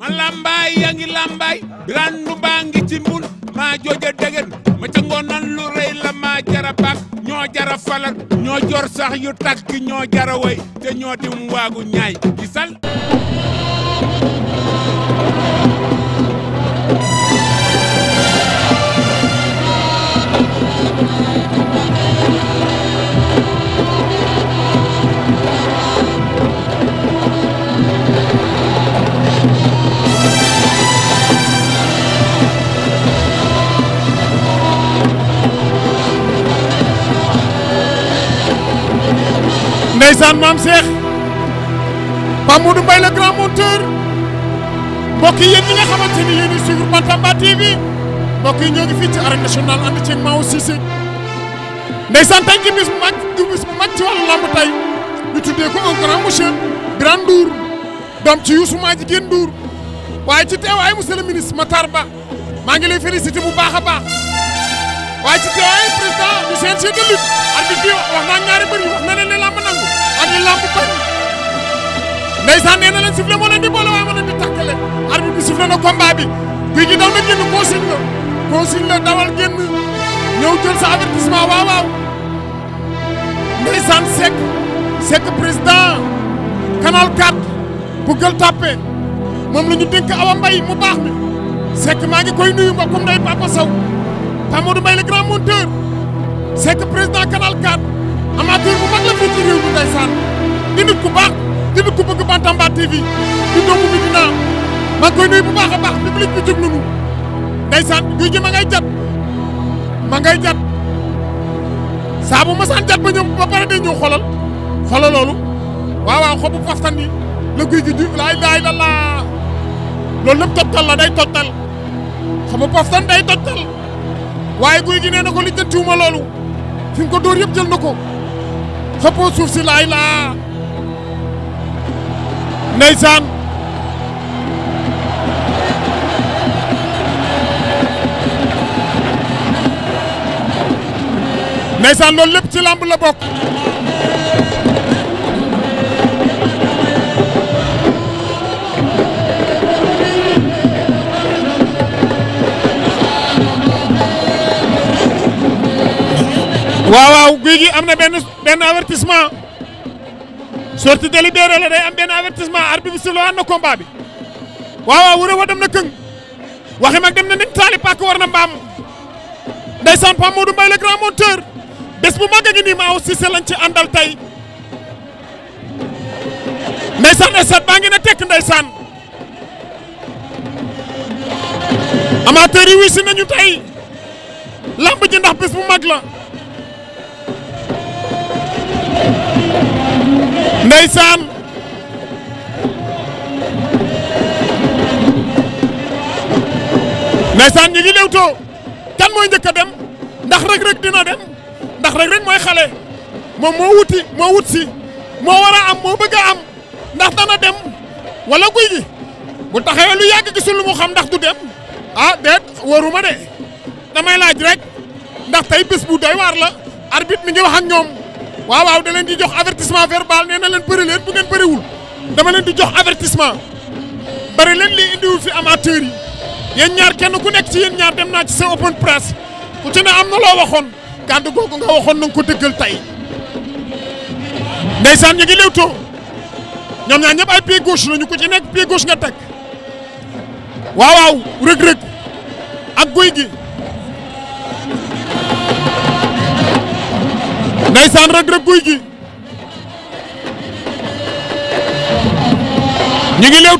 ma làmbaay yaa ngi làmbaay randu baa ngi ci mbul maa jooja degen ma ca ngoonan lu rëy la maa jara bak ñoo jara falar ñoo jor sax yu takk ñoo jara way te ñoo dim waagu ñaay gisal ndeysaan maam Cheikh Pape Modou Mbaye grand monteur mbokk yi yéen ñi nga ni yéen ñuy suivre Bantamba TV mbokk ñoo ngi fii ci arène nationale ànd ci Mao Cissé ndeysaan tey ci bis bu ci bis bu mag ci wàllu lamb tey ñu tuddee grand monsieur doom ci Youssou maa jigéen Ndour waaye ci teewaay monsieur le Matar Ba maa ngi lay félicité bu baax a baax waaye ci teewaay président du CNG de lutte arbitre bi wax naa ñaari mbër yi wax na leen ne lamb nangu leen làmb ko ndeysaan nee na leen sifflé moo leen boole waaye moo leen di tàkkale arbitre bi sifflé na combat bi guy gi daw na génn consigne la dawal génn ñëw jël sa avertissement waaw waaw ndeysaan Seck Seck président canal 4 bu gël tàppe moom la ñu dénk awa mu baax mi maa ngi koy nuyu mbokkum nday Papa Sow Pamadou Mbaye le grand monteur Seck président canal 4 amateur bu mag la fii ci réew mi ndeysaan di nit ku baax di nit ku bëgg Bantamba TV di doomu bi dinaa maa ngi koy nuyu bu baax a baax public bi jóg nañu ndeysaan guy gi ma ngay jat ma ngay jat saa bu masaan jat ba ñëw ba pare day ñëw xolal xolal loolu waaw waaw xobu fastan la guy gi ju laay daay la laa loolu lépp tottal la day tottal xobu fastan day tottal waaye guy gi nee na ko li jëntiwuma loolu fi ko dóor yëpp jël na ko xëppoo suuf si laay laa ndeysaan loolu lépp ci làmb la bokk waaw waaw am na benn benn sortie délibérée la day am benn avertissement arbitre bi si loo na combat bi waaw waaw wa dem na këng waxi mag dem na nit taali pàkk war na mbaam ndeysaan Pape Modou Mbaye le grand monteur bés bu màgg a ngi nii ma aw Cissé lañ ci àndal tey ndeysaan esat baa ngi na tekk ndeysaan amateur yi wisi nañu tey lamb ji ndax bés bu mag la ndeysaan ndeysaan ñi ngi lewtoo kan mooy njëkk a dem ndax Reug Reug dina dem ndax Reug Reug mooy xale moom moo wuti moo wut si moo war am moo bëgg am ndax dana dem wala guy gi bu taxawee lu yàgg gisul lu mu xam ndax du dem ah déet wóoruma de damay laaj rek ndax tey bés bu doy waar la arbitre mi ngi wax ak ñoom waaw waaw da leen di jox avertissement verbal nee na leen bëri leen bu ngeen bëriwul dama leen di jox avertissement bëri leen lii indiwul fi amateur yi yéen ñaar kenn ku nekk ci yéen ñaar dem naa ci sa open press ku ci ne am na loo waxoon kàddu googu nga waxoon na nga ko dëggal tey ndeysaan ñu ngi léwtoo ñoom ñaar ñëpp ay pied gauche ñu ko ci nekk pied gauche nga teg waaw waaw rëg-rëg ak guy gi ndaysaan Reug Reug Gouye Gui ñu ngi lew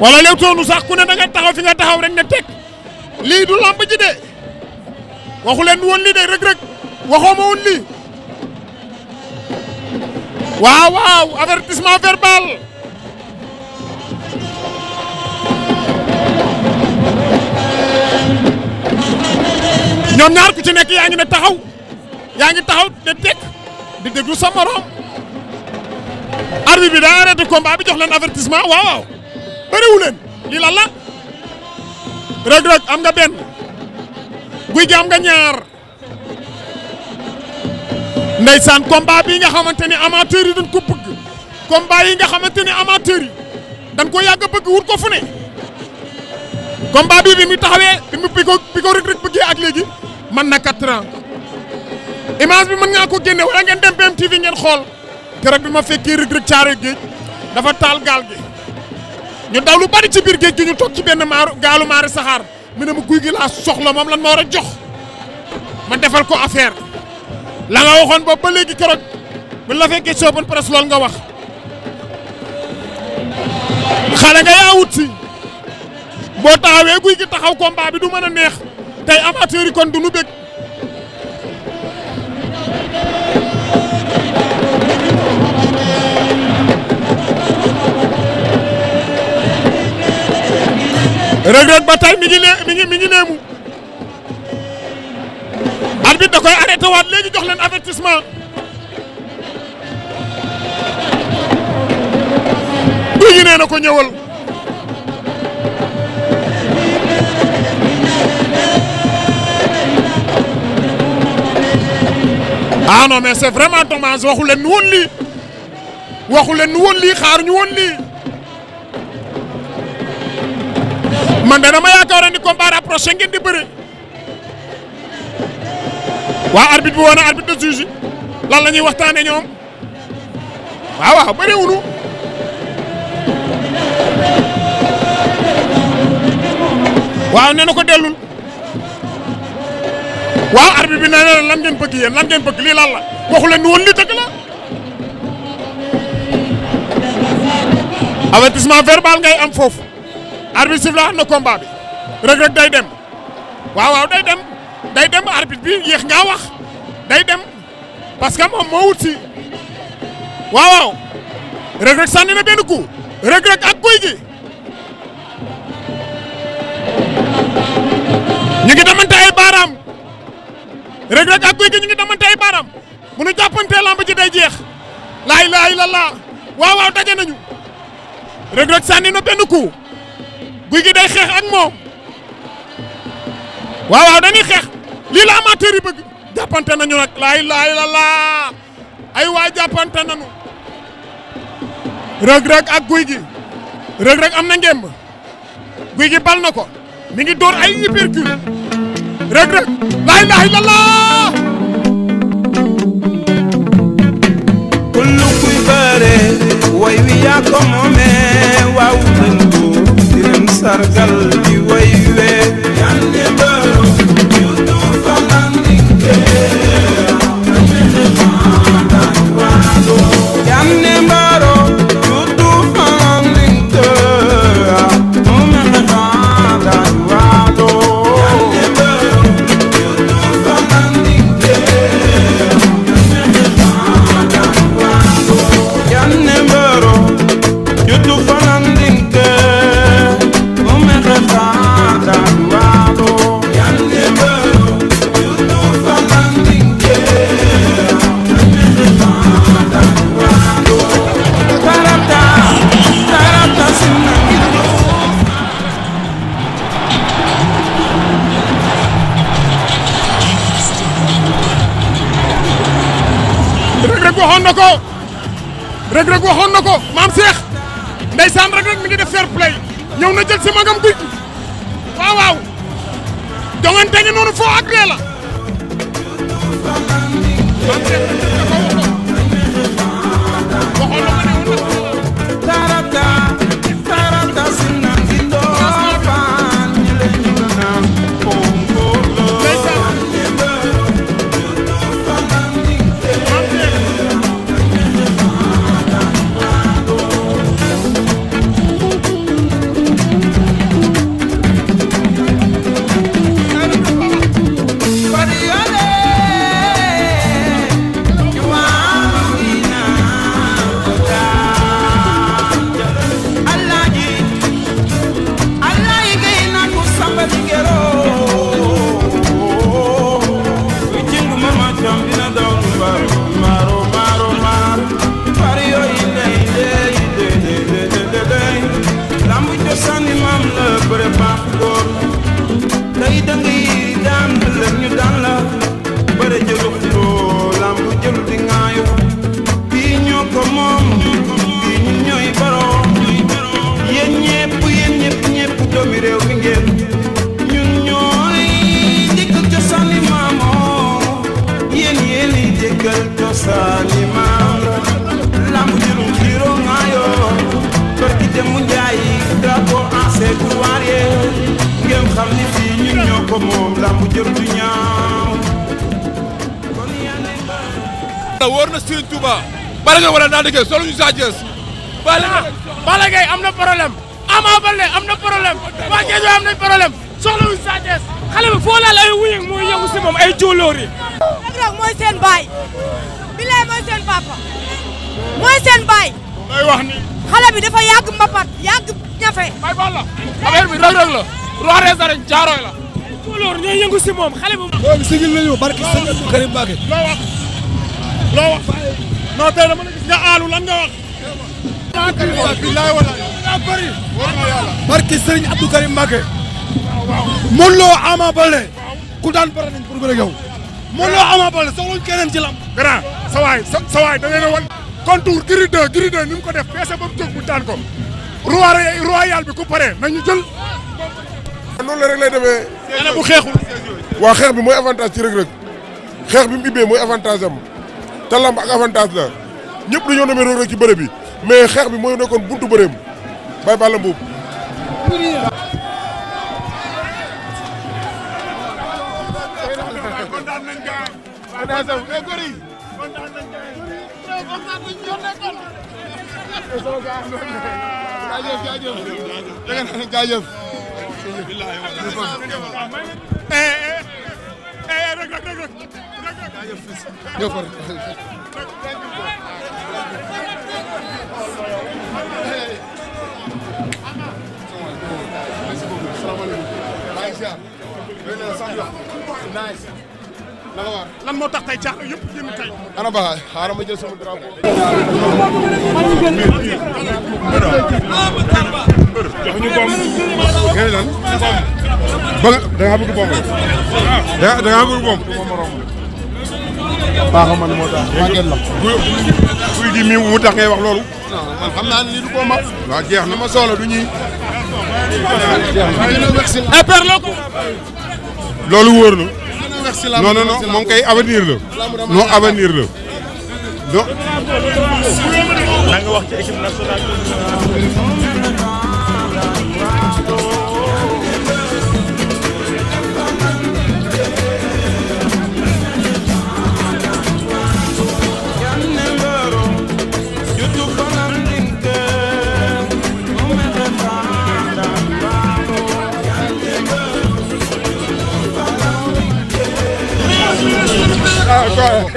wala lewtoo nu sax ku ne da nga taxaw fi nga taxaw rek ne teg lii du lamb ji de waxu leen woon lii de Reug Reug waxoo ma woon waaw waaw avertissement verbal ñoom ñaar ku ci nekk yaa ngi ne taxaw yaa ngi taxaw te teg di déglu sa morom arbitre bi daa arrêté combat bi jox leen avertissement waaw waaw bëriwu leen lii lan la Reug am nga benn Gouye Gui am nga ñaar ndeysaan combat bi nga xamante ni amateur yi dañ ko bëgg combat yi nga xamante ni amateur yi dañ ko yàgg bëgg wut ko fu ne combat bi bi mu taxawee bi ko bi ko Reug Reug ak léegi man na quatre image bi mën ngaa ko génne wala ngeen dem BMTV ngeen xool keroog bi ma fekkee Reug Reug caaroy géej dafa taal gaal gi ñu daw lu bari ci biir géej gi ñu toog ci benn maaru gaalu maari saxaar mu ne ma guy gi laa soxla moom lan ma war a jox ma defal ko affaire la nga waxoon boobu ba léegi keroog buñ la fekkee sooban presse lool nga wax xale nga yaa wut si boo taxawee guy gi taxaw combat bi du mën a neex tey amateurs yi kon du nu bëgg Reug Reug ba tey mi ngi lee mi mi ngi leemu arbitre da koy arrêté waat léegi jox leen avertissement du ñu nee na ko ñëwal ah non mais c'est vraiment dommage waxu leen nu woon lii waxu leen lii xaar ñu woon lii man de dama yaakaaroon ni combat rapproché ngeen di bëre waa arbitre bi woon na arbitre de la ñuy waxtaane ñoom waaw waaw bëriwunu waaw nee na ko dellul waa arbitre bi nee na lan ngeen bëgg yéen lan ngeen bëgg lii lan la waxu leen ni woon li dëgg la avertissement verbal ngay am foofu arbitre sifflé na combat bi Reug day dem waaw day dem day dem arbitre bi yéex ngaa wax day dem parce que moom moo wut si waaw waaw Reug Reug sànni na benn coup Reug Reug ak Gouye Gui ñu ngi damante ay baaraam Reug Reug ak Gouye Gui ñu ngi damante ay baaraam bu nu jàppantee lamb ji day jeex laa ilaaha illallaah waaw waaw daje nañu Reug Reug sànni na benn coup guy gi day xeex ak moom waaw waaw dañuy xeex lii la amateur yi bëgg jàppante nañu nag laay laay la ay waay jàppante nañu rëg-rëg ak guy gi rëg-rëg am na ngemb guy gi bal na ko mi ngi door ay hypercule rëg-rëg laay laay la kullu kuy bëre way wi yaa ko moomee rek waxoon na ko rek rek waxoon na ko maam Cheikh ndeysaan rek rek mi ngi def fair play ñëw na jël si magam guy waaw waaw joŋante noonu foo agréé la làmb jëm du ñaaw kon wóor na Serigne Touba Balla Gaye wala Daande Gueye soluñu Sa Thiès Balla Gaye am na problème Ama Baldé am na problème waa Géejo am nañ problème soxlawuñu Sa Thiès xale bi foo ay wuyeeg mooy yëngu si moom ay jóolóor yi Reug mooy seen baay bilaay mooy seen papa mooy seen baay may wax ni xale bi dafa yàgg mbapat ñafe bay bal la la roi des jaarooy Tukulóor ñooy yëngu si moom xale bu. boobu sigil nañu barki sëñ Karim Mbacke. loo wax loo wax. non tey dama la gis nga aalu lan wax. barki sëriñ Abdou Karim Mbacke. Modou Lo Ama Baldé. ku daan pare nañ pour bëre yow. Modou Lo Ama Baldé soxlawuñ keneen ci lam. grand sa waay sa waay da ngay ne wan. contour gris 2 ko def peese ba mu jóg mu daan ko. royal bi ku pare nañu jël. loolu rek lay demee. nee bu xeexul. waaw xeex bi mooy avantage ci rëg-rëg xeex bi mu ubbee mooy avantage am te lamb ak avantage la ñëpp dañoo demee rëg-rëg ci bëre bi mais xeex bi mooy nekkoon buntu bëreem bay bàllam boobu. jaajëf Nice. lan moo tax tey caaxaan yëpp génn tey. ana ba xaaral ma jël sama drapeau. jox ñu bomb. ngeen lan. bomb. da ngaa bëgg bomb da man moo tax maa ngeen mi mu tax ngay wax loolu. man xam naa ne lii du ko jeex na ma soxla du ñuy. jeex na. Eh, loolu wóor na. non non non moom kay avenir la non avenir la donc. na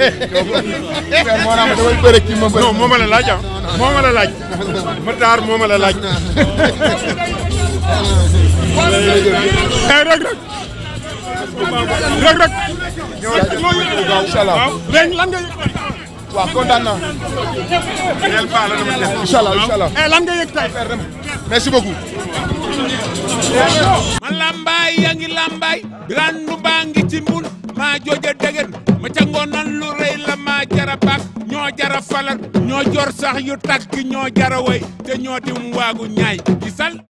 moo tax damay bëre kii ma bëri. non moo ma la laaj ah. moo ma la ma taar moo ma la laaj. rek eh, rek. rek rek. incha allah léegi lan nga. waaw eh, merci beaucoup. ma lambaay yaa ngi lambaay. grande baa ngi ci maa jooja dëgër ma ca ngoonan lu rëy la maa jara baax ñoo jara falal ñoo jor sax yu tàkk ñoo jara way te ñoo dim waagu ñaay gisal